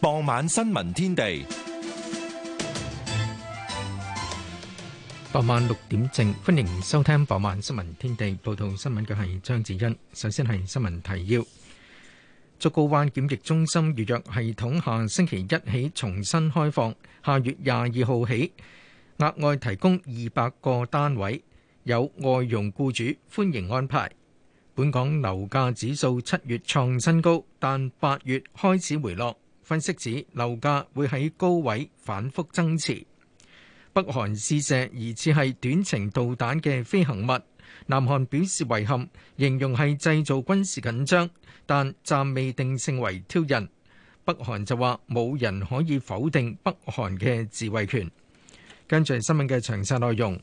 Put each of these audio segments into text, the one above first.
傍晚新聞天地，傍晚六點正，歡迎收聽傍晚新聞天地。報道新聞嘅係張子欣。首先係新聞提要：竹篙灣檢疫中心預約系統下星期一起重新開放，下月廿二號起額外提供二百個單位，有外傭僱主歡迎安排。本港樓價指數七月創新高，但八月開始回落。分析指樓價會喺高位反覆增持。北韓試射疑似係短程導彈嘅飛行物，南韓表示遺憾，形容係製造軍事緊張，但暫未定性為挑釁。北韓就話冇人可以否定北韓嘅自衛權。跟住係新聞嘅詳細內容。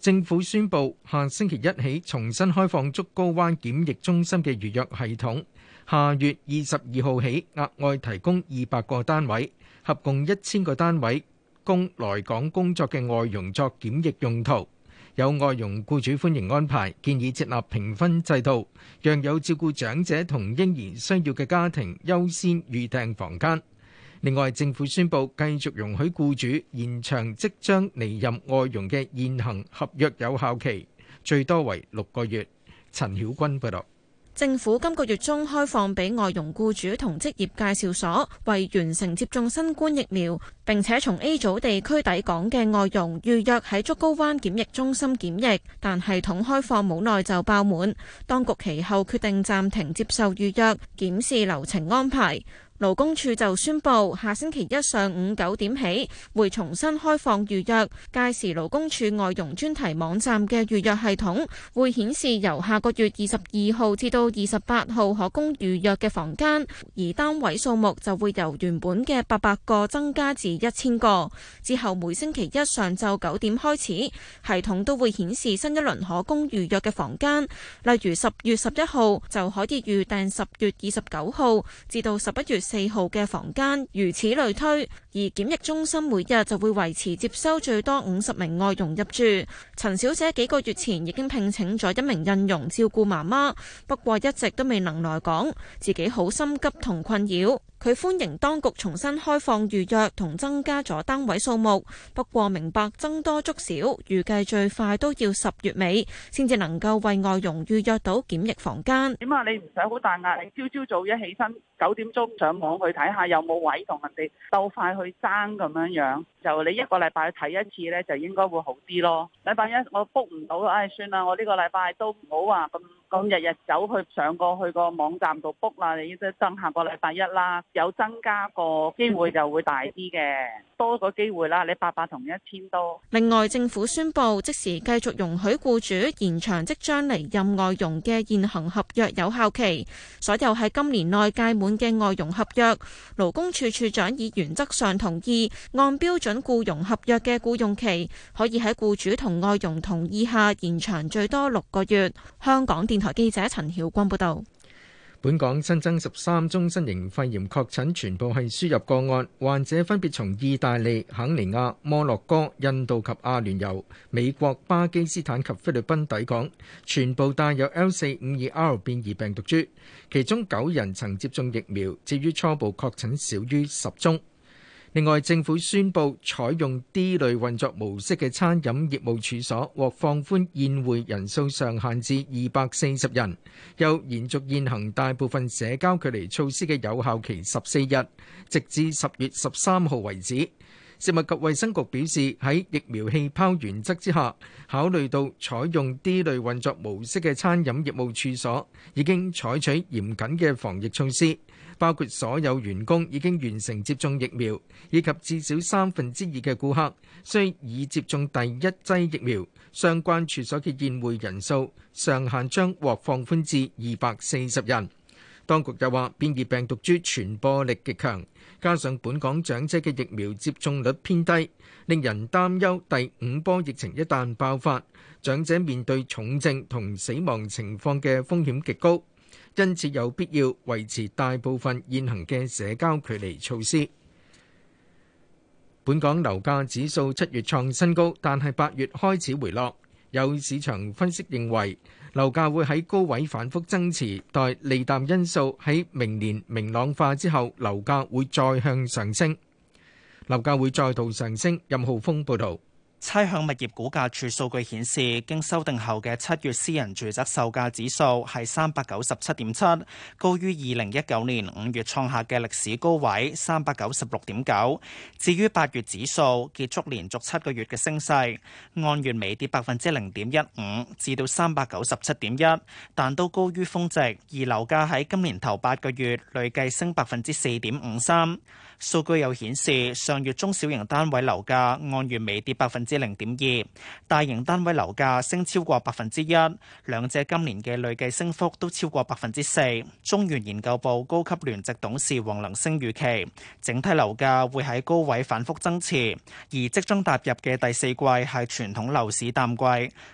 政府宣布下星期一起重新開放竹篙灣檢疫中心嘅預約系統。下月二十二號起，額外提供二百個單位，合共一千個單位，供來港工作嘅外傭作檢疫用途。有外傭雇主歡迎安排，建議設立評分制度，讓有照顧長者同嬰兒需要嘅家庭優先預訂房間。另外，政府宣布繼續容許雇主延長即將離任外傭嘅現行合約有效期，最多為六個月。陳曉君報道。政府今個月中開放俾外傭僱主同職業介紹所，為完成接種新冠疫苗，並且從 A 組地區抵港嘅外傭預約喺竹篙灣檢疫中心檢疫，但系統開放冇耐就爆滿，當局其後決定暫停接受預約，檢視流程安排。勞工處就宣佈，下星期一上午九點起會重新開放預約，屆時勞工處外傭專題網站嘅預約系統會顯示由下個月二十二號至到二十八號可供預約嘅房間，而單位數目就會由原本嘅八百個增加至一千個。之後每星期一上晝九點開始，系統都會顯示新一輪可供預約嘅房間，例如十月十一號就可以預訂十月二十九號至到十一月。四號嘅房間，如此類推。而檢疫中心每日就會維持接收最多五十名外傭入住。陳小姐幾個月前已經聘請咗一名印傭照顧媽媽，不過一直都未能來港，自己好心急同困擾。佢歡迎當局重新開放預約同增加咗單位數目，不過明白僧多粥少，預計最快都要十月尾先至能夠為外傭預約到檢疫房間。點啊？你唔使好大壓力，朝朝早一起身九點鐘上網去睇下有冇位同人哋鬥快去爭咁樣樣。就你一個禮拜睇一次呢，就應該會好啲咯。禮拜一我 book 唔到，唉、哎，算啦，我呢個禮拜都唔好話、啊、咁。我日日走去上過去個網站度 book 啦，你即係等下個禮拜一啦，有增加個機會就會大啲嘅，多個機會啦，你八百同一千多。另外，政府宣布即時繼續容許雇主延長即將離任外傭嘅現行合約有效期，所有喺今年內屆滿嘅外傭合約，勞工處處長以原則上同意，按標準僱傭合約嘅僱傭期，可以喺雇主同外傭同意下延長最多六個月。香港電。台記者陳曉光報道，本港新增十三宗新型肺炎確診，全部係輸入個案，患者分別從意大利、肯尼亞、摩洛哥、印度及阿聯酋、美國、巴基斯坦及菲律賓抵港，全部帶有 L 四五二 R 變異病毒株，其中九人曾接種疫苗，至於初步確診少於十宗。另外，政府宣布採用 D 類運作模式嘅餐飲業務處所，獲放寬宴會人數上限至二百四十人，又延續現行大部分社交距離措施嘅有效期十四日，直至十月十三號為止。食物及衛生局表示，喺疫苗氣泡原則之下，考慮到採用 D 類運作模式嘅餐飲業務處所已經採取嚴謹嘅防疫措施，包括所有員工已經完成接種疫苗，以及至少三分之二嘅顧客需已接種第一劑疫苗，相關處所嘅宴會人數上限將獲放寬至二百四十人。當局又話，變異病毒株傳播力極強，加上本港長者嘅疫苗接種率偏低，令人擔憂第五波疫情一旦爆發，長者面對重症同死亡情況嘅風險極高，因此有必要維持大部分現行嘅社交距離措施。本港樓價指數七月創新高，但係八月開始回落。有市場分析認為樓價會喺高位反覆增持，待利淡因素喺明年明朗化之後，樓價會再向上升。樓價會再度上升。任浩峰報導。差餉物業估價署數據顯示，經修訂後嘅七月私人住宅售價指數係三百九十七點七，高於二零一九年五月創下嘅歷史高位三百九十六點九。至於八月指數結束連續七個月嘅升勢，按月微跌百分之零點一五，至到三百九十七點一，但都高於峰值。而樓價喺今年頭八個月累計升百分之四點五三。數據又顯示，上月中小型單位樓價按月微跌百分之零點二，大型單位樓價升超過百分之一，兩者今年嘅累計升幅都超過百分之四。中原研究部高級聯席董事黃能升預期，整體樓價會喺高位反覆增持，而即將踏入嘅第四季係傳統樓市淡季。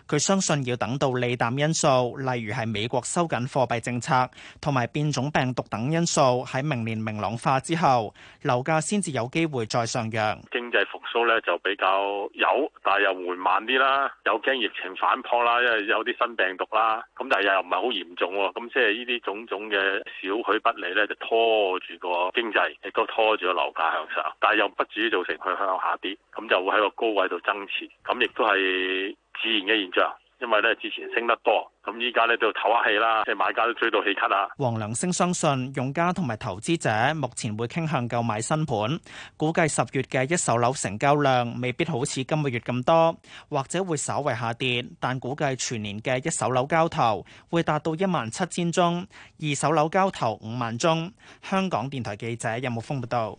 佢相信要等到利淡因素，例如係美國收緊貨幣政策同埋變種病毒等因素喺明年明朗化之後。樓價先至有機會再上揚，經濟復蘇咧就比較有，但係又緩慢啲啦，有驚疫情反撲啦，因為有啲新病毒啦，咁但係又唔係好嚴重，咁即係呢啲種種嘅少許不利咧，就拖住個經濟，亦都拖住個樓價向上，但係又不至於造成佢向下跌，咁就會喺個高位度增持，咁亦都係自然嘅現象。因為呢，之前升得多，咁依家呢，就唞下氣啦，即係買家都追到氣咳啊。黃良升相信，用家同埋投資者目前會傾向購買新盤，估計十月嘅一手樓成交量未必好似今個月咁多，或者會稍為下跌，但估計全年嘅一手樓交投會達到一萬七千宗，二手樓交投五萬宗。香港電台記者任木峰報道。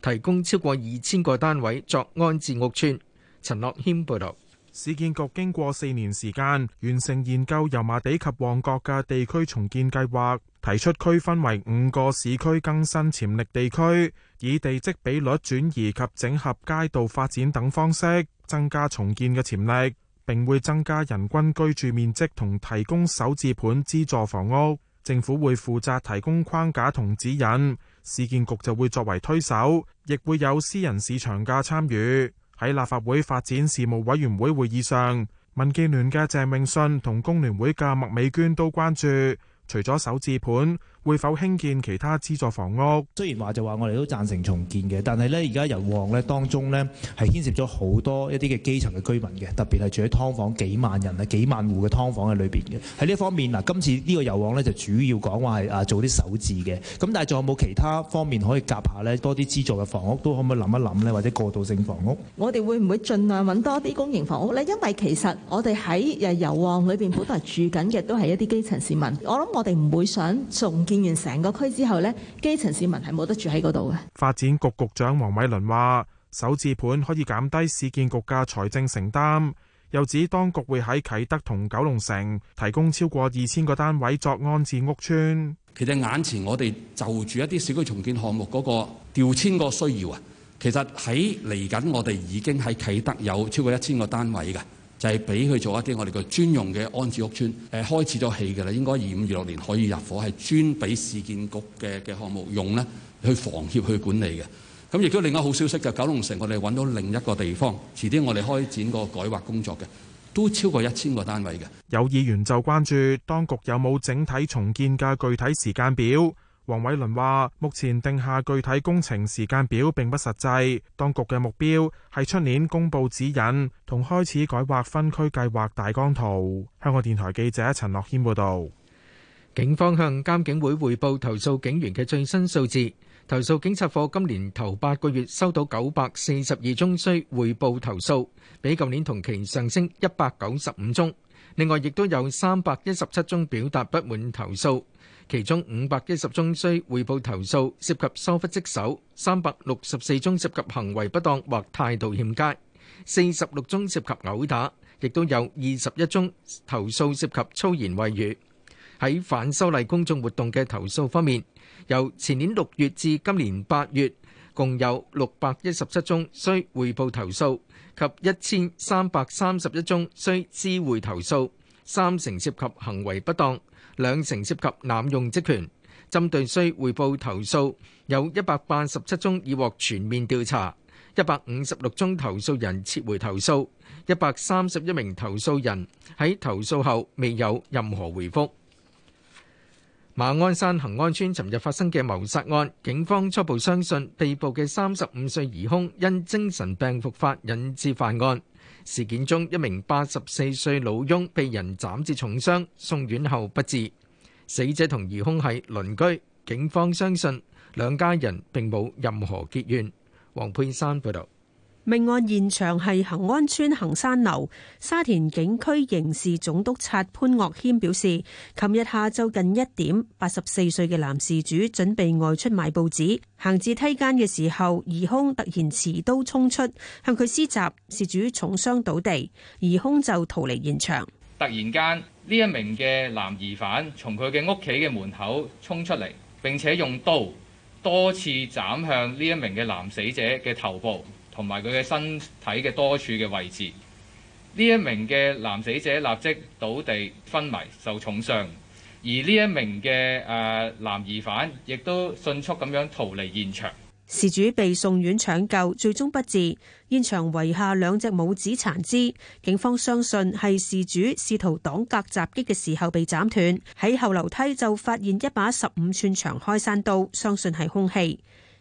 提供超過二千個單位作安置屋邨。陳樂軒報導，市建局經過四年時間完成研究油麻地及旺角嘅地區重建計劃，提出區分為五個市區更新潛力地區，以地積比率轉移及整合街道發展等方式增加重建嘅潛力，並會增加人均居住面積同提供首置盤資助房屋。政府會負責提供框架同指引。市建局就會作為推手，亦會有私人市場嘅參與。喺立法會發展事務委員會會議上，民建聯嘅鄭泳舜同工聯會嘅麥美娟都關注，除咗首置盤，會否興建其他資助房屋？雖然話就話我哋都贊成重建嘅，但係呢而家油旺咧當中呢係牽涉咗好多一啲嘅基層嘅居民嘅，特別係住喺劏房幾萬人啊、幾萬戶嘅劏房喺裏邊嘅。喺呢一方面，嗱今次呢個油旺呢就主要講話係啊做啲首置嘅，咁但係仲有冇其他方面可以夾下呢？多啲資助嘅房屋都可唔可以諗一諗呢？或者過渡性房屋？我哋會唔會盡量揾多啲公營房屋呢？因為其實我哋喺誒油旺裏邊本來住緊嘅都係一啲基層市民，我諗我哋唔會想重建。建完成個區之後呢基層市民係冇得住喺嗰度嘅。發展局局長黃偉綸話，首置盤可以減低市建局嘅財政承擔，又指當局會喺啟德同九龍城提供超過二千個單位作安置屋邨。其實眼前我哋就住一啲小區重建項目嗰個調遷個需要啊，其實喺嚟緊我哋已經喺啟德有超過一千個單位嘅。就係俾佢做一啲我哋嘅專用嘅安置屋邨，誒開始咗起㗎喇，應該二五二六年可以入伙，係專俾市建局嘅嘅項目用呢，去防協去管理嘅。咁亦都另一好消息嘅，九龍城我哋揾到另一個地方，遲啲我哋開展個改劃工作嘅，都超過一千個單位嘅。有議員就關注當局有冇整體重建嘅具體時間表。黃偉倫話：目前定下具體工程時間表並不實際，當局嘅目標係出年公布指引同開始改劃分區計劃大綱圖。香港電台記者陳樂謙報道。警方向監警會匯報投訴警員嘅最新數字，投訴警察課今年頭八個月收到九百四十二宗需匯報投訴，比舊年同期上升一百九十五宗。另外，亦都有三百一十七宗表達不滿投訴。其中五百一十宗需彙報投訴，涉及疏忽職守；三百六十四宗涉及行為不當或態度欠佳，四十六宗涉及毆打，亦都有二十一宗投訴涉及粗言穢語。喺反修例公眾活動嘅投訴方面，由前年六月至今年八月，共有六百一十七宗需彙報投訴及一千三百三十一宗需知會投訴，三成涉及行為不當。兩成涉及濫用職權，針對需匯報投訴，有一百八十七宗已獲全面調查，一百五十六宗投訴人撤回投訴，一百三十一名投訴人喺投訴後未有任何回覆。馬鞍山恆安村尋日發生嘅謀殺案，警方初步相信被捕嘅三十五歲疑兇因精神病復發引致犯案。事件中，一名八十四歲老翁被人斬至重傷，送院後不治。死者同疑兇係鄰居，警方相信兩家人並冇任何結怨。黃佩珊報道。命案現場係恒安邨恒山樓，沙田警區刑事總督察潘岳謙表示，琴日下晝近一點，八十四歲嘅男事主準備外出買報紙，行至梯間嘅時候，疑兇突然持刀衝出，向佢施襲，事主重傷倒地，疑兇就逃離現場。突然間，呢一名嘅男疑犯從佢嘅屋企嘅門口衝出嚟，並且用刀多次斬向呢一名嘅男死者嘅頭部。同埋佢嘅身體嘅多處嘅位置，呢一名嘅男死者立即倒地昏迷，受重傷。而呢一名嘅誒男疑犯亦都迅速咁樣逃離現場。事主被送院搶救，最終不治。現場遺下兩隻拇指殘肢，警方相信係事主試圖擋格襲擊嘅時候被斬斷。喺後樓梯就發現一把十五寸長開山刀，相信係凶器。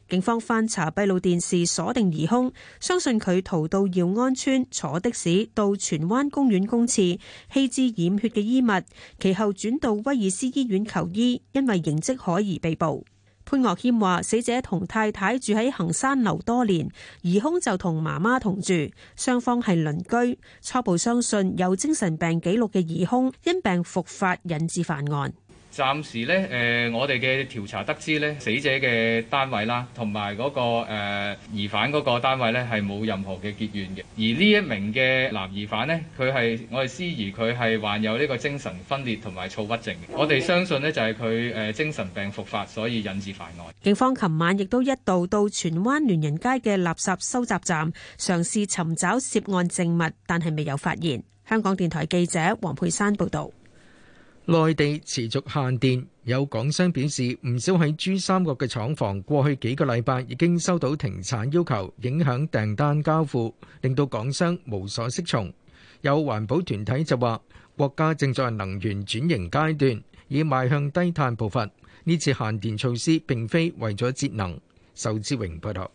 警方翻查閉路電視鎖定疑凶，相信佢逃到耀安邨坐的士到荃灣公園公廁棄置染血嘅衣物，其後轉到威爾斯醫院求醫，因為形跡可疑被捕。潘岳謙話死者同太太住喺恆山樓多年，疑凶就同媽媽同住，雙方係鄰居。初步相信有精神病記錄嘅疑凶因病復發引致犯案。暫時呢，誒、呃，我哋嘅調查得知呢，死者嘅單位啦，同埋嗰個、呃、疑犯嗰個單位呢，係冇任何嘅結怨嘅。而呢一名嘅男疑犯呢，佢係我哋思疑佢係患有呢個精神分裂同埋躁鬱症嘅。我哋相信呢，就係佢誒精神病復發，所以引致犯案。警方琴晚亦都一度到荃灣聯仁街嘅垃圾收集站，嘗試尋找涉案證物，但係未有發現。香港電台記者黃佩珊報道。內地持續限電，有港商表示，唔少喺珠三角嘅廠房過去幾個禮拜已經收到停產要求，影響訂單交付，令到港商無所適從。有環保團體就話，國家正在能源轉型階段，已邁向低碳步伐，呢次限電措施並非為咗節能。仇志榮報道。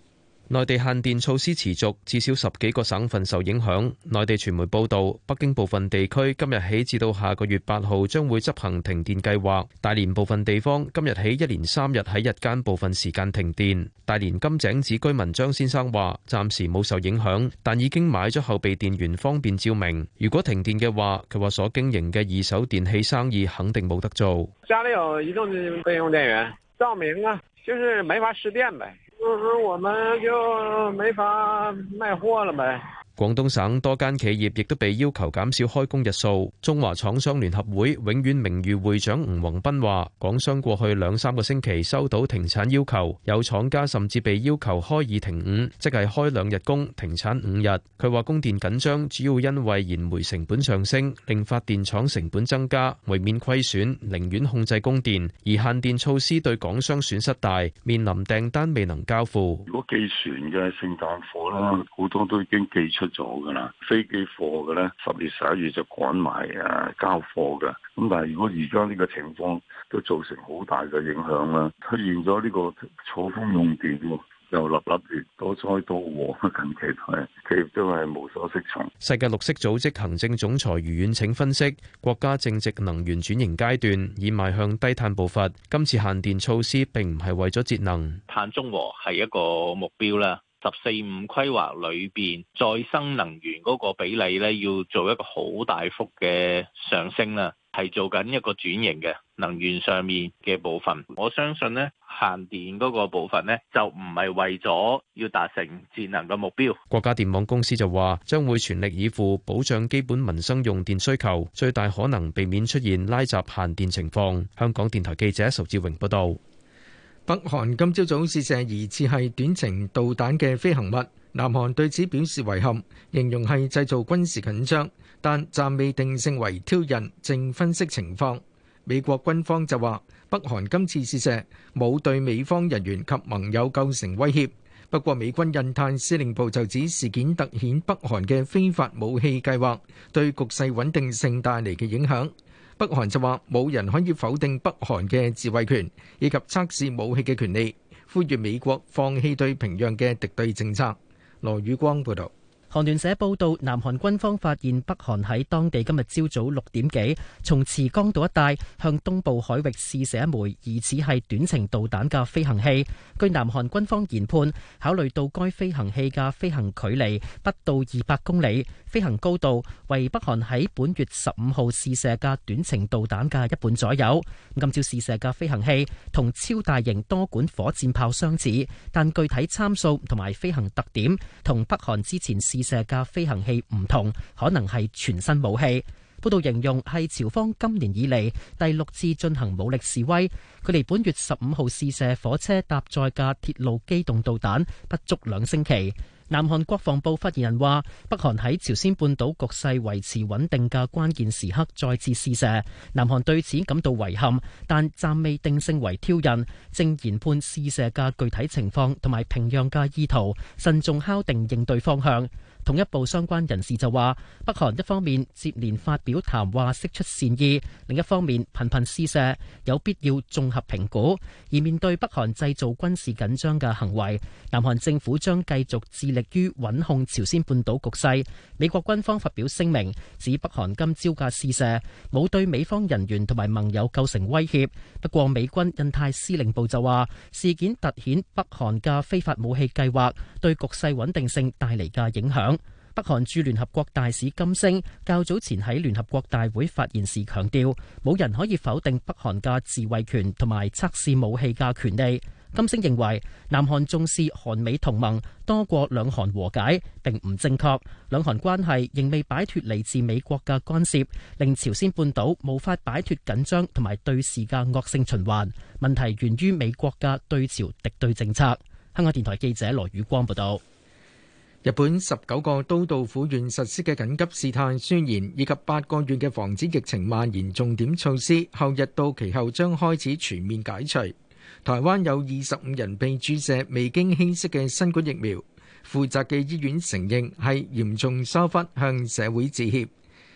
內地限電措施持續，至少十幾個省份受影響。內地傳媒報道，北京部分地區今日起至到下個月八號將會執行停電計劃；大連部分地方今日起一連三日喺日間部分時間停電。大連金井子居民張先生話：暫時冇受影響，但已經買咗後備電源方便照明。如果停電嘅話，佢話所經營嘅二手電器生意肯定冇得做。家裏有移動備用電源，照明啊，就是沒法試電唄。就是，我們就沒法賣貨了唄。廣東省多間企業亦都被要求減少開工日數。中華廠商聯合會永遠名譽會長吳宏斌話，港商過去兩三個星期收到停產要求，有廠家甚至被要求開二停五，即係開兩日工，停產五日。佢話供電緊張，主要因為燃煤成本上升，令發電廠成本增加，為免虧損，寧願控制供電。而限電措施對港商損失大，面臨訂單未能交付。如果寄船嘅聖誕貨啦，好多都已經寄出。做噶啦，飛機貨嘅咧，十月十一月就趕埋啊交貨嘅。咁但係如果而家呢個情況都造成好大嘅影響啦，出現咗呢個錯峰用電，又立立亂多災多禍。近期係企業都係無所適從。世界綠色組織行政總裁余遠騁分析，國家正值能源轉型階段，已邁向低碳步伐。今次限電措施並唔係為咗節能，碳中和係一個目標啦。十四五規劃裏邊再生能源嗰個比例咧，要做一個好大幅嘅上升啦，係做緊一個轉型嘅能源上面嘅部分。我相信咧，限電嗰個部分咧，就唔係為咗要達成節能嘅目標。國家電網公司就話將會全力以赴保障基本民生用電需求，最大可能避免出現拉閘限電情況。香港電台記者仇志榮報道。北韓今朝早試射疑似係短程導彈嘅飛行物，南韓對此表示遺憾，形容係製造軍事緊張，但暫未定性為挑釁，正分析情況。美國軍方就話，北韓今次試射冇對美方人員及盟友構成威脅，不過美軍印太司令部就指事件突顯北韓嘅非法武器計劃對局勢穩定性帶嚟嘅影響。北韓就話冇人可以否定北韓嘅自衛權以及測試武器嘅權利，呼籲美國放棄對平壤嘅敵對政策。羅宇光報道。韓聯社報道，南韓軍方發現北韓喺當地今日朝早六點幾，從慈江道一帶向東部海域試射一枚疑似係短程導彈嘅飛行器。據南韓軍方研判，考慮到該飛行器嘅飛行距離不到二百公里，飛行高度為北韓喺本月十五號試射嘅短程導彈嘅一半左右。今朝試射嘅飛行器同超大型多管火箭炮相似，但具體參數同埋飛行特點同北韓之前試射嘅飛行器唔同，可能係全新武器。報道形容係朝方今年以嚟第六次進行武力示威。距離本月十五號試射火車搭載嘅鐵路機動導彈，不足兩星期。南韓國防部發言人話，北韓喺朝鮮半島局勢維持穩定嘅關鍵時刻再次試射，南韓對此感到遺憾，但暫未定性為挑釁，正研判試射嘅具體情況同埋平壤嘅意圖，慎重敲定應對方向。統一部相關人士就話：北韓一方面接連發表談話釋出善意，另一方面頻頻試射，有必要綜合評估。而面對北韓製造軍事緊張嘅行為，南韓政府將繼續致力於穩控朝鮮半島局勢。美國軍方發表聲明，指北韓今朝嘅試射冇對美方人員同埋盟友構成威脅。不過，美軍印太司令部就話，事件突顯北韓嘅非法武器計劃對局勢穩定性帶嚟嘅影響。北韓駐聯合國大使金星較早前喺聯合國大會發言時強調，冇人可以否定北韓嘅自衛權同埋測試武器嘅權利。金星認為，南韓重視韓美同盟多過兩韓和解並唔正確。兩韓關係仍未擺脱嚟自美國嘅干涉，令朝鮮半島無法擺脱緊張同埋對峙嘅惡性循環。問題源於美國嘅對朝敵對政策。香港電台記者羅宇光報道。日本十九個都道府縣實施嘅緊急事態宣言以及八個月嘅防止疫情蔓延重點措施，後日到期後將開始全面解除。台灣有二十五人被注射未經稀釋嘅新冠疫苗，負責嘅醫院承認係嚴重疏忽，向社會致歉。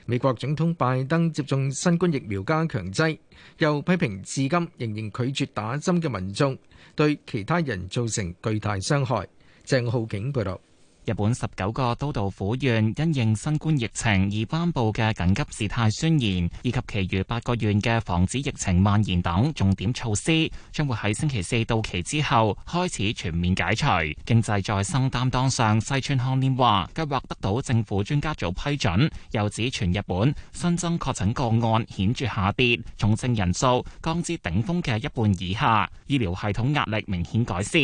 美國總統拜登接種新冠疫苗加強劑，又批評至今仍然拒絕打針嘅民眾對其他人造成巨大傷害。鄭浩景報導。日本十九個都道府縣因應新冠疫情而頒布嘅緊急事態宣言，以及其餘八個縣嘅防止疫情蔓延等重點措施，將會喺星期四到期之後開始全面解除。經濟再生擔當上西村康稔話，計劃得到政府專家組批准，又指全日本新增確診個案顯著下跌，重症人數降至頂峰嘅一半以下，醫療系統壓力明顯改善。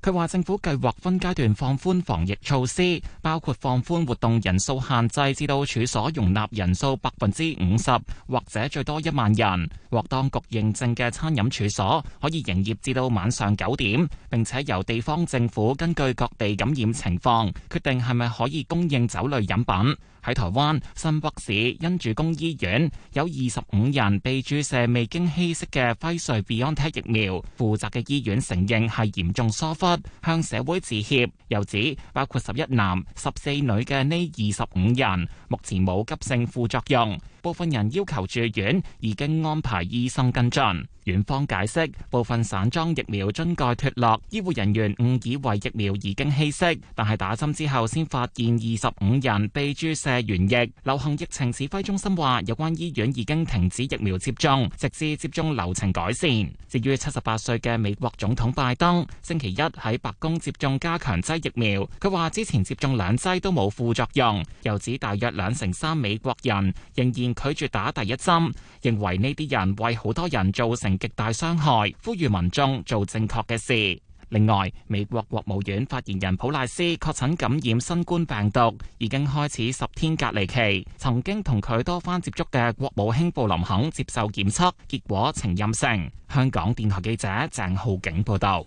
佢話：政府計劃分階段放寬防疫措施，包括放寬活動人數限制，至到處所容納人數百分之五十，或者最多一萬人。獲當局認證嘅餐飲處所可以營業至到晚上九點，並且由地方政府根據各地感染情況決定係咪可以供應酒類飲品。喺台灣新北市恩主公醫院有二十五人被注射未經稀釋嘅輝瑞 BioNTech 疫苗，負責嘅醫院承認係嚴重疏忽，向社會致歉。又指包括十一男十四女嘅呢二十五人，目前冇急性副作用。部分人要求住院，已經安排醫生跟進，院方解釋，部分散裝疫苗樽蓋脫落，醫護人員誤以為疫苗已經稀釋，但係打針之後先發現二十五人被注射原液。流行疫情指揮中心話，有關醫院已經停止疫苗接種，直至接種流程改善。至於七十八歲嘅美國總統拜登，星期一喺白宮接種加強劑疫苗，佢話之前接種兩劑都冇副作用，又指大約兩成三美國人仍然拒絕打第一針，認為呢啲人為好多人造成極大傷害，呼籲民眾做正確嘅事。另外，美國國務院發言人普賴斯確診感染新冠病毒，已經開始十天隔離期。曾經同佢多番接觸嘅國務卿布林肯接受檢測，結果呈陰性。香港電台記者鄭浩景報道。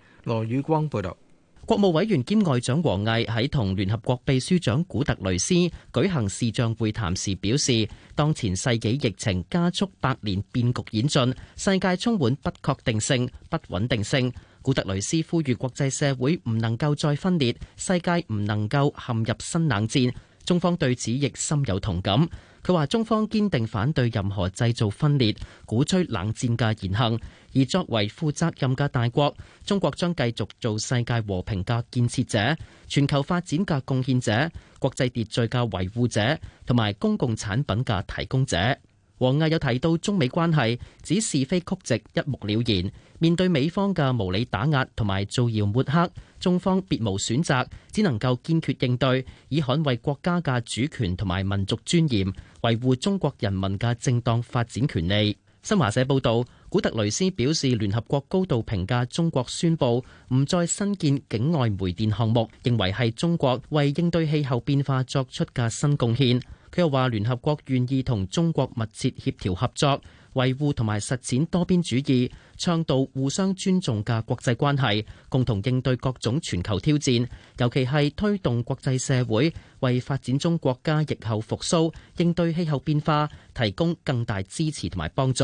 羅宇光報道，國務委員兼外長王毅喺同聯合國秘書長古特雷斯舉行視像會談時表示，當前世紀疫情加速百年變局演進，世界充滿不確定性、不穩定性。古特雷斯呼籲國際社會唔能夠再分裂，世界唔能夠陷入新冷戰。中方對此亦深有同感。佢話：中方堅定反對任何製造分裂、鼓吹冷戰嘅言行。而作為負責任嘅大國，中國將繼續做世界和平嘅建設者、全球發展嘅貢獻者、國際秩序嘅維護者同埋公共產品嘅提供者。王毅又提到中美關係，指是非曲直一目了然。面對美方嘅無理打壓同埋造謠抹黑，中方別無選擇，只能夠堅決應對，以捍衛國家嘅主權同埋民族尊嚴，維護中國人民嘅正當發展權利。新華社報導。古特雷斯表示，聯合國高度評價中國宣布唔再新建境外煤電項目，認為係中國為應對氣候變化作出嘅新貢獻。佢又話，聯合國願意同中國密切協調合作，維護同埋實踐多邊主義，倡導互相尊重嘅國際關係，共同應對各種全球挑戰，尤其係推動國際社會為發展中國家疫後復甦、應對氣候變化提供更大支持同埋幫助。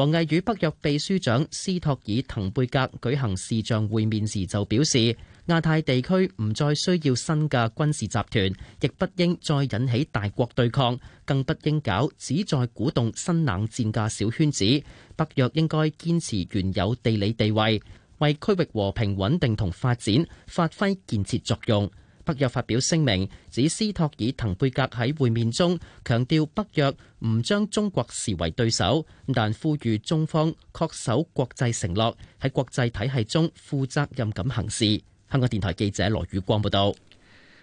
王毅與北約秘書長斯托爾滕貝格舉行視像會面時就表示，亞太地區唔再需要新嘅軍事集團，亦不應再引起大國對抗，更不應搞旨在鼓動新冷戰嘅小圈子。北約應該堅持原有地理地位，為區域和平穩定同發展發揮建設作用。北約發表聲明，指斯托爾滕貝格喺會面中強調北約唔將中國視為對手，但呼籲中方恪守國際承諾，喺國際體系中負責任咁行事。香港電台記者羅宇光報道。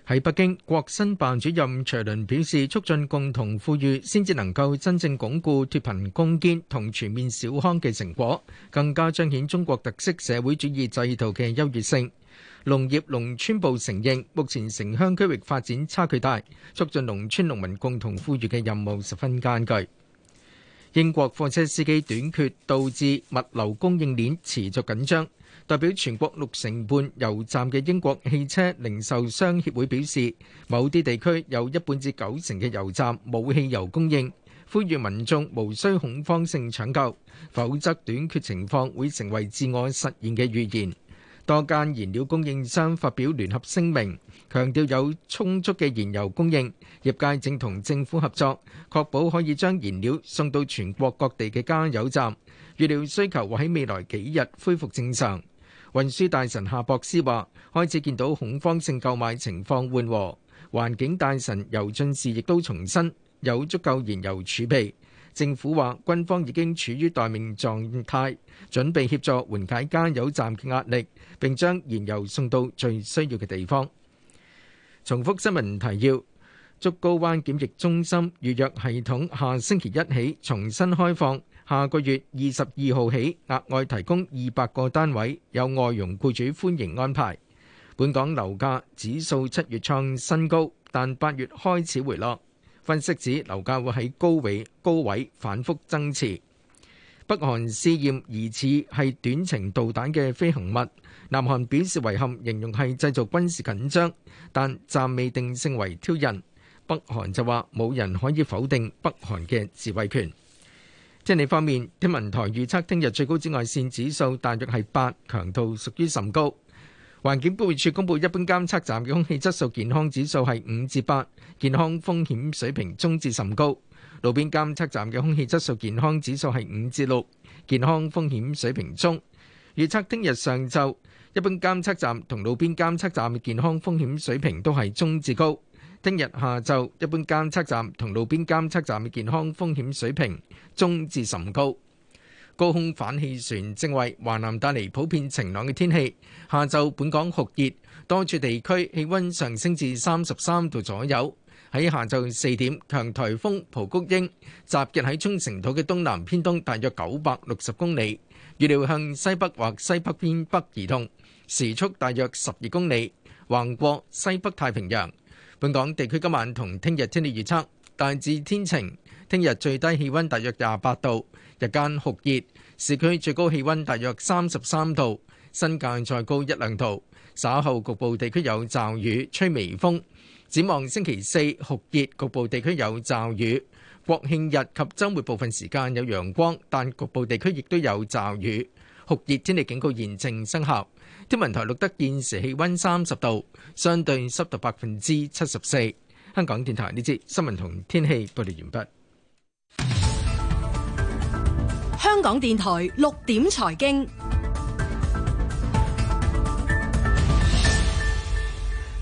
喺北京，國新辦主任徐麟表示，促進共同富裕先至能夠真正鞏固脫貧攻堅同全面小康嘅成果，更加彰顯中國特色社會主義制度嘅優越性。農業農村部承認，目前城鄉區域發展差距大，促進農村農民共同富裕嘅任務十分艱巨。英國貨車司機短缺導致物流供應鏈持續緊張，代表全國六成半油站嘅英國汽車零售商協會表示，某啲地區有一半至九成嘅油站冇汽油供應，呼籲民眾無需恐慌性搶購，否則短缺情況會成為自我實現嘅預言。多間燃料供應商發表聯合聲明，強調有充足的燃油供應，業界正同政府合作，確保可以將燃料送到全國各地的加油站，預料需求會喺未來幾日恢復正常。運輸大臣夏博斯話，開始見到恐慌性購買情況緩和，環境大臣尤進士亦都重申，有足夠燃油儲備。政府話軍方已經處於待命狀態，準備協助緩解加油站嘅壓力，並將燃油送到最需要嘅地方。重複新聞提要：竹篙灣檢疫中心預約系統下星期一起重新開放，下個月二十二號起額外提供二百個單位，有外傭僱主歡迎安排。本港樓價指數七月創新高，但八月開始回落。分析指樓價會喺高位高位反覆增持。北韓試驗疑似係短程導彈嘅飛行物，南韓表示遺憾，形容係製造軍事緊張，但暫未定性為挑釁。北韓就話冇人可以否定北韓嘅自衛權。天氣方面，天文台預測聽日最高紫外線指數大約係八，強度屬於甚高。環境保署公布，一般監測站嘅空氣質素健康指數係五至八，健康風險水平中至甚高；路邊監測站嘅空氣質素健康指數係五至六，健康風險水平中。預測聽日上晝，一般監測站同路邊監測站嘅健康風險水平都係中至高；聽日下晝，一般監測站同路邊監測站嘅健康風險水平中至甚高。高空反氣旋正為華南帶嚟普遍晴朗嘅天氣。下晝本港酷熱，多處地區氣温上升至三十三度左右。喺下晝四點，強颱風蒲谷英集結喺沖繩島嘅東南偏東，大約九百六十公里，預料向西北或西北偏北移動，時速大約十二公里，橫過西北太平洋。本港地區今晚同聽日天氣預測大致天晴。聽日最低氣温大約廿八度，日間酷熱，市區最高氣温大約三十三度，新界再高一兩度。稍後局部地區有驟雨，吹微風。展望星期四酷熱，局部地區有驟雨。國慶日及週末部分時間有陽光，但局部地區亦都有驟雨。酷熱天氣警告現正生效。天文台錄得現時氣温三十度，相對濕度百分之七十四。香港電台呢節新聞同天氣報道完畢。香港電台六點財經，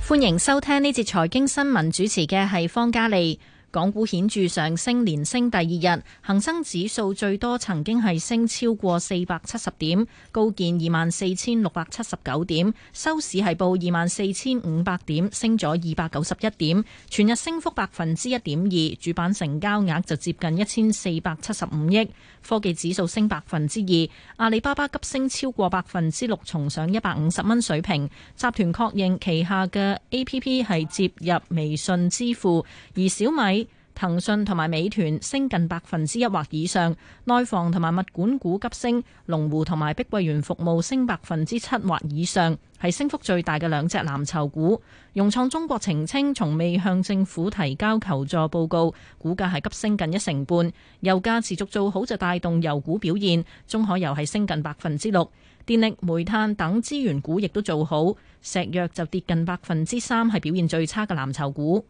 歡迎收聽呢節財經新聞，主持嘅係方嘉莉。港股顯著上升，連升第二日，恒生指數最多曾經係升超過四百七十點，高見二萬四千六百七十九點，收市係報二萬四千五百點，升咗二百九十一點，全日升幅百分之一點二，主板成交額就接近一千四百七十五億。科技指數升百分之二，阿里巴巴急升超過百分之六，重上一百五十蚊水平。集團確認旗下嘅 app 係接入微信支付，而小米。騰訊同埋美團升近百分之一或以上，內房同埋物管股急升，龍湖同埋碧桂園服務升百分之七或以上，係升幅最大嘅兩隻藍籌股。融創中國澄清從未向政府提交求助報告，股價係急升近一成半。油價持續做好就帶動油股表現，中海油係升近百分之六。電力、煤炭等資源股亦都做好，石藥就跌近百分之三，係表現最差嘅藍籌股。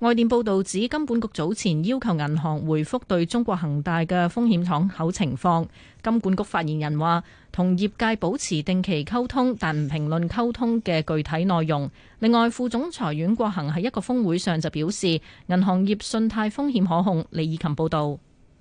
外電報道指，金管局早前要求銀行回覆對中國恒大嘅風險敞口情況，金管局發言人話同業界保持定期溝通，但唔評論溝通嘅具體內容。另外，副總裁阮國恆喺一個峰會上就表示，銀行業信貸風險可控。李以琴報道。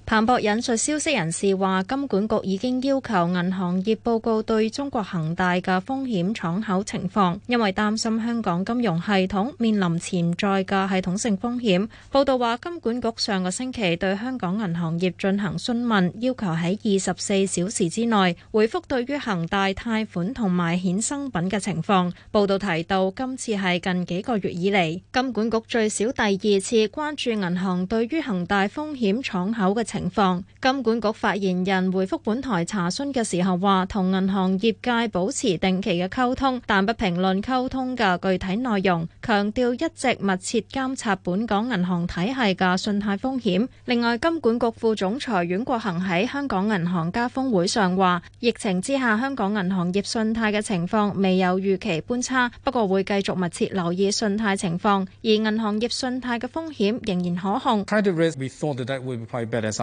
彭博引述消息人士話，金管局已經要求銀行業報告對中國恒大嘅風險敞口情況，因為擔心香港金融系統面臨潛在嘅系統性風險。報道話，金管局上個星期對香港銀行業進行詢問，要求喺二十四小時之內回覆對於恒大貸款同埋衍生品嘅情況。報道提到，今次係近幾個月以嚟金管局最少第二次關注銀行對於恒大風險敞口嘅情情況，金管局發言人回覆本台查詢嘅時候話，同銀行業界保持定期嘅溝通，但不評論溝通嘅具體內容，強調一直密切監察本港銀行體系嘅信貸風險。另外，金管局副總裁阮國恒喺香港銀行家峰會上話，疫情之下香港銀行業信貸嘅情況未有預期般差，不過會繼續密切留意信貸情況，而銀行業信貸嘅風險仍然可控。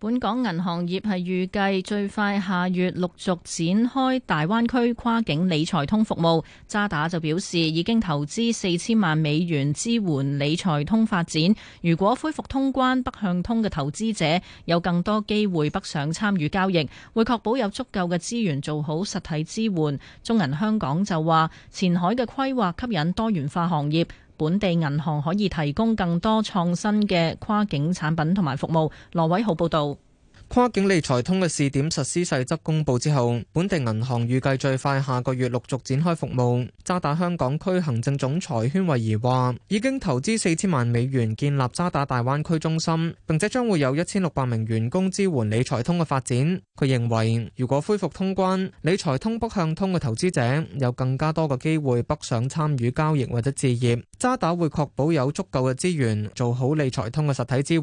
本港銀行業係預計最快下月陸續展開大灣區跨境理財通服務。渣打就表示，已經投資四千萬美元支援理財通發展。如果恢復通關北向通嘅投資者有更多機會北上參與交易，會確保有足夠嘅資源做好實體支援。中銀香港就話，前海嘅規劃吸引多元化行業。本地銀行可以提供更多創新嘅跨境產品同埋服務。羅偉豪報導。跨境理財通嘅試點實施細則公佈之後，本地銀行預計最快下個月陸續展開服務。渣打香港區行政總裁禤惠儀話：已經投資四千萬美元建立渣打大灣區中心，並且將會有一千六百名員工支援理財通嘅發展。佢認為，如果恢復通關，理財通北向通嘅投資者有更加多嘅機會北上參與交易或者置業。渣打會確保有足夠嘅資源做好理財通嘅實體支援。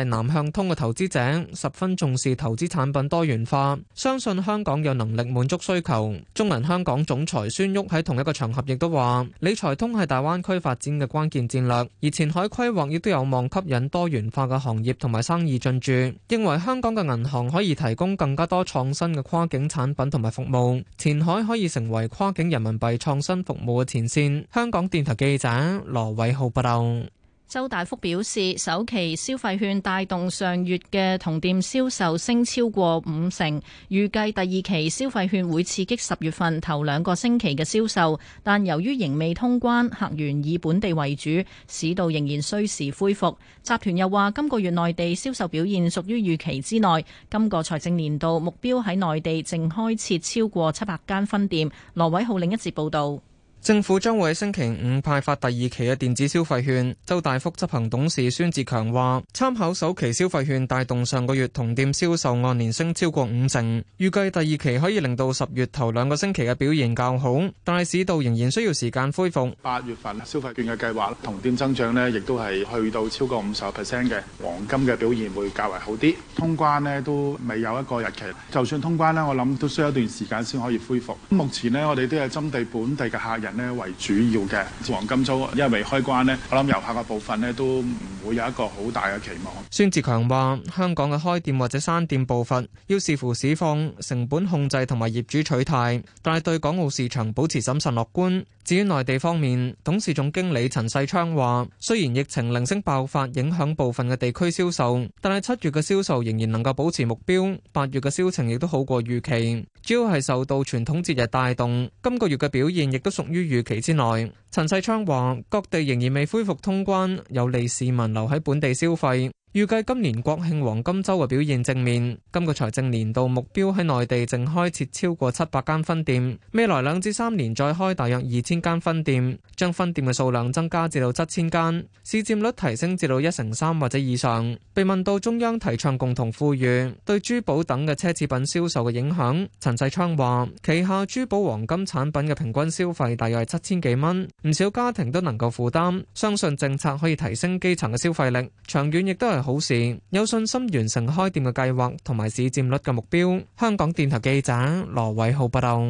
係南向通嘅投資者十分重視投資產品多元化，相信香港有能力滿足需求。中銀香港總裁孫旭喺同一個場合亦都話：理財通係大灣區發展嘅關鍵戰略，而前海規劃亦都有望吸引多元化嘅行業同埋生意進駐。認為香港嘅銀行可以提供更加多創新嘅跨境產品同埋服務，前海可以成為跨境人民幣創新服務嘅前線。香港電台記者羅偉浩報導。周大福表示，首期消費券帶動上月嘅同店銷售升超過五成，預計第二期消費券會刺激十月份頭兩個星期嘅銷售，但由於仍未通關，客源以本地為主，市道仍然需時恢復。集團又話，今個月內地銷售表現屬於預期之內，今個財政年度目標喺內地淨開設超過七百間分店。羅偉浩另一節報道。政府將會喺星期五派發第二期嘅電子消費券。周大福執行董事孫志強話，參考首期消費券帶動上個月同店銷售按年升超過五成，預計第二期可以令到十月頭兩個星期嘅表現較好，但係市道仍然需要時間恢復。八月份消費券嘅計劃，同店增長呢亦都係去到超過五十 percent 嘅黃金嘅表現會較為好啲。通關呢都未有一個日期，就算通關呢，我諗都需要一段時間先可以恢復。目前呢，我哋都係針對本地嘅客人。咧為主要嘅黃金週，因為未開關呢，我諗遊客嘅部分呢都唔會有一個好大嘅期望。孫志強話：香港嘅開店或者新店部分，要視乎市況、成本控制同埋業主取態，但係對港澳市場保持審慎樂觀。至於內地方面，董事總經理陳世昌話：雖然疫情零星爆發影響部分嘅地區銷售，但係七月嘅銷售仍然能夠保持目標，八月嘅銷情亦都好過預期，主要係受到傳統節日帶動。今個月嘅表現亦都屬於於預期之內，陳世昌話，各地仍然未恢復通關，有利市民留喺本地消費。預計今年國慶黃金周嘅表現正面。今個財政年度目標喺內地淨開設超過七百間分店，未來兩至三年再開大約二千間分店，將分店嘅數量增加至到七千間，市佔率提升至到一成三或者以上。被問到中央提倡共同富裕對珠寶等嘅奢侈品銷售嘅影響，陳世昌話：旗下珠寶黃金產品嘅平均消費大約七千幾蚊，唔少家庭都能夠負擔。相信政策可以提升基層嘅消費力，長遠亦都係好事，有信心完成開店嘅計劃同埋市佔率嘅目標。香港電台記者羅偉浩報道。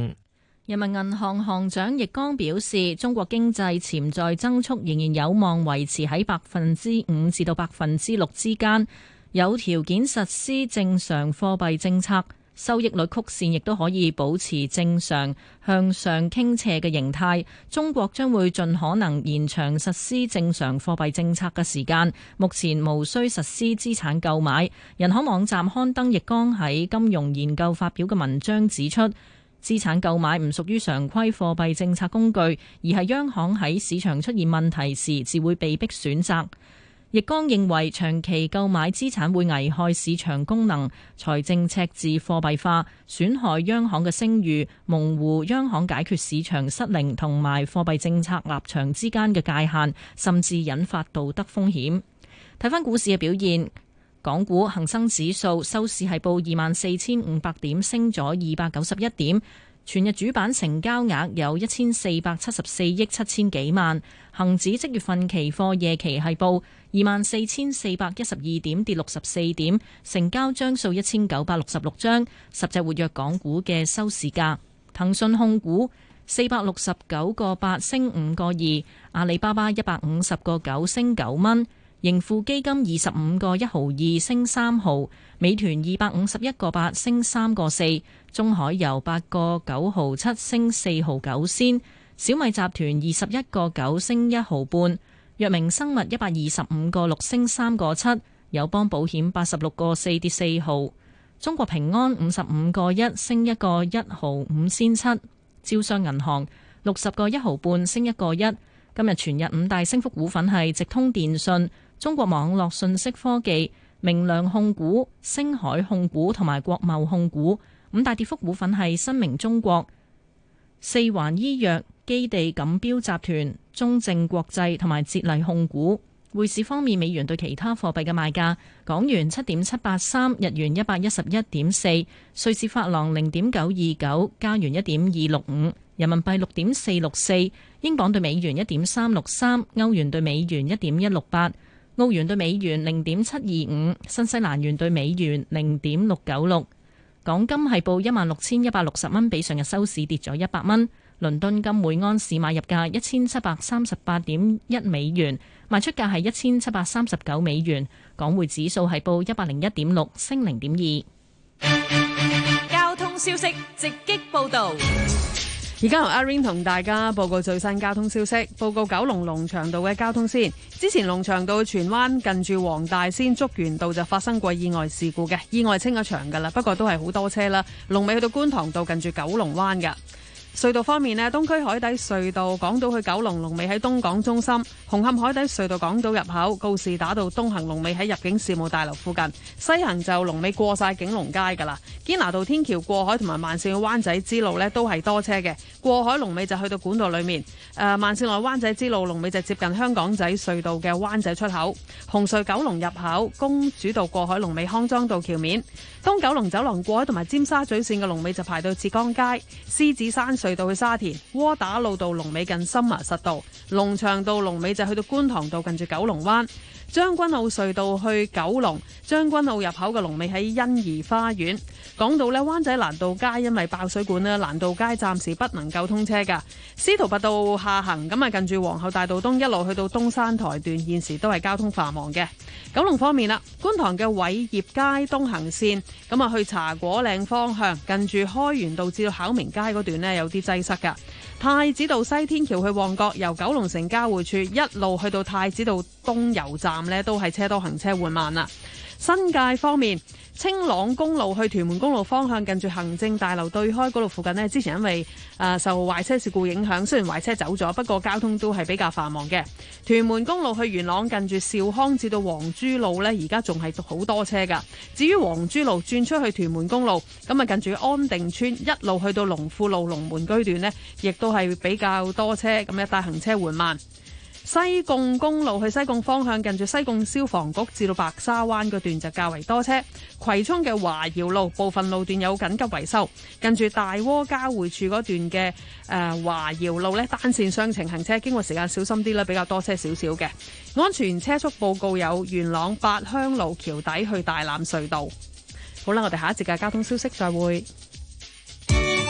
人民銀行行長易綱表示，中國經濟潛在增速仍然有望維持喺百分之五至到百分之六之間，有條件實施正常貨幣政策。收益率曲線亦都可以保持正常向上傾斜嘅形態，中國將會盡可能延長實施正常貨幣政策嘅時間，目前無需實施資產購買。人行網站刊登易綱喺金融研究發表嘅文章指出，資產購買唔屬於常規貨幣政策工具，而係央行喺市場出現問題時自會被逼選擇。易綱認為，長期購買資產會危害市場功能、財政赤字貨幣化、損害央行嘅聲譽、模糊央行解決市場失靈同埋貨幣政策立場之間嘅界限，甚至引發道德風險。睇翻股市嘅表現，港股恆生指數收市係報二萬四千五百點，升咗二百九十一點。全日主板成交額有一千四百七十四億七千幾萬，恒指即月份期貨夜期係報二萬四千四百一十二點，跌六十四點，成交張數一千九百六十六張，十隻活躍港股嘅收市價：騰訊控股四百六十九個八升五個二，阿里巴巴一百五十個九升九蚊。盈富基金二十五個一毫二升三毫，美團二百五十一個八升三個四，中海油八個九毫七升四毫九先，小米集團二十一個九升一毫半，藥明生物一百二十五個六升三個七，友邦保險八十六個四跌四毫，中國平安五十五個一升一個一毫五先七，招商銀行六十個一毫半升一個一。今日全日五大升幅股份係直通電訊。中國網絡信息科技、明亮控股、星海控股同埋國貿控股。五大跌幅股份係新明中國、四環醫藥、基地錦標集團、中正國際同埋捷麗控股。匯市方面，美元對其他貨幣嘅賣價：港元七點七八三，日元一百一十一點四，瑞士法郎零點九二九，加元一點二六五，人民幣六點四六四，英鎊對美元一點三六三，歐元對美元一點一六八。澳元對美元零點七二五，新西蘭元對美元零點六九六。港金係報一萬六千一百六十蚊，比上日收市跌咗一百蚊。倫敦金每安士買入價一千七百三十八點一美元，賣出價係一千七百三十九美元。港匯指數係報一百零一點六，升零點二。交通消息直擊報導。而家由阿 Ring 同大家報告最新交通消息，報告九龍龍翔道嘅交通先。之前龍翔道荃灣近住黃大仙竹園道就發生過意外事故嘅，意外清咗場噶啦，不過都係好多車啦。龍尾去到觀塘道近住九龍灣噶。隧道方面咧，東區海底隧道港島去九龍龍尾喺東港中心；紅磡海底隧道港島入口告士打道東行龍尾喺入境事務大樓附近，西行就龍尾過曬景隆街㗎啦。堅拿道天橋過海同埋慢線灣仔支路咧都係多車嘅，過海龍尾就去到管道裏面。誒、呃、慢線來灣仔支路龍尾就接近香港仔隧道嘅灣仔出口。紅隧九龍入口公主道過海龍尾康莊道橋面，東九龍走廊過海同埋尖沙咀線嘅龍尾就排到浙江街、獅子山上。去到去沙田窩打老道龍尾近森麻實道，龍翔道龍尾就去到觀塘道近住九龍灣。將軍澳隧道去九龍，將軍澳入口嘅龍尾喺欣怡花園。講到咧灣仔蘭道街，因為爆水管咧，蘭道街暫時不能夠通車噶。司徒拔道下行咁啊，近住皇后大道東一路去到東山台段，現時都係交通繁忙嘅。九龍方面啦，觀塘嘅偉業街東行綫咁啊，去茶果嶺方向，近住開源道至到考明街嗰段咧，有啲擠塞嘅。太子道西天橋去旺角，由九龍城交匯處一路去到太子道東油站咧，都係車多，行車緩慢啦。新界方面，青朗公路去屯門公路方向，近住行政大樓對開嗰度附近呢，之前因為誒受壞車事故影響，雖然壞車走咗，不過交通都係比較繁忙嘅。屯門公路去元朗，近住兆康至到黃珠路呢，而家仲係好多車噶。至於黃珠路轉出去屯門公路，咁啊近住安定村一路去到龍富路龍門居段呢，亦都係比較多車，咁一帶行車緩慢。西貢公路去西貢方向，近住西貢消防局至到白沙灣嗰段就較為多車。葵涌嘅華堯路部分路段有緊急維修，近住大窩交匯處嗰段嘅，誒華堯路咧單線雙程行車，經過時間小心啲啦，比較多車少少嘅。安全車速報告有元朗八鄉路橋底去大欖隧道。好啦，我哋下一節嘅交通消息再會。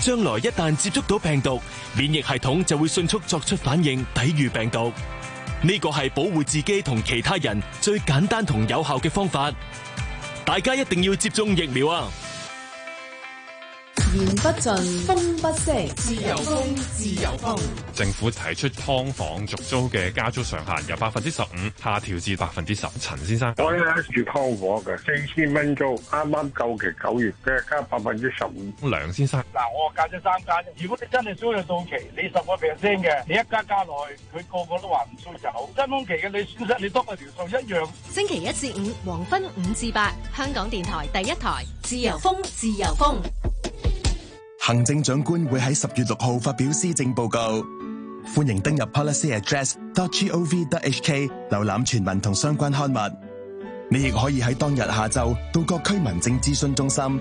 將來一旦接觸到病毒，免疫系統就會迅速作出反應，抵禦病毒。呢個係保護自己同其他人最簡單同有效嘅方法。大家一定要接種疫苗啊！言不盡，風不息，自由風，自由風。政府提出劏房續租嘅加租上限由百分之十五下調至百分之十。陳先生，我咧住劏房嘅，四千蚊租，啱啱到期九月嘅，加百分之十五。梁先生，嗱，我家咗三間，如果你真係租到到期，你十個 percent 嘅，你一家加落去，佢個個都話唔出走。真空期嘅你損失，你，你多個條數一樣。星期一至五黃昏五至八，香港電台第一台，自由風，自由風。行政長官會喺十月六號發表施政報告，歡迎登入 policyaddress.gov.hk 瀏覽全文同相關刊物。你亦可以喺當日下晝到各區民政諮詢中心。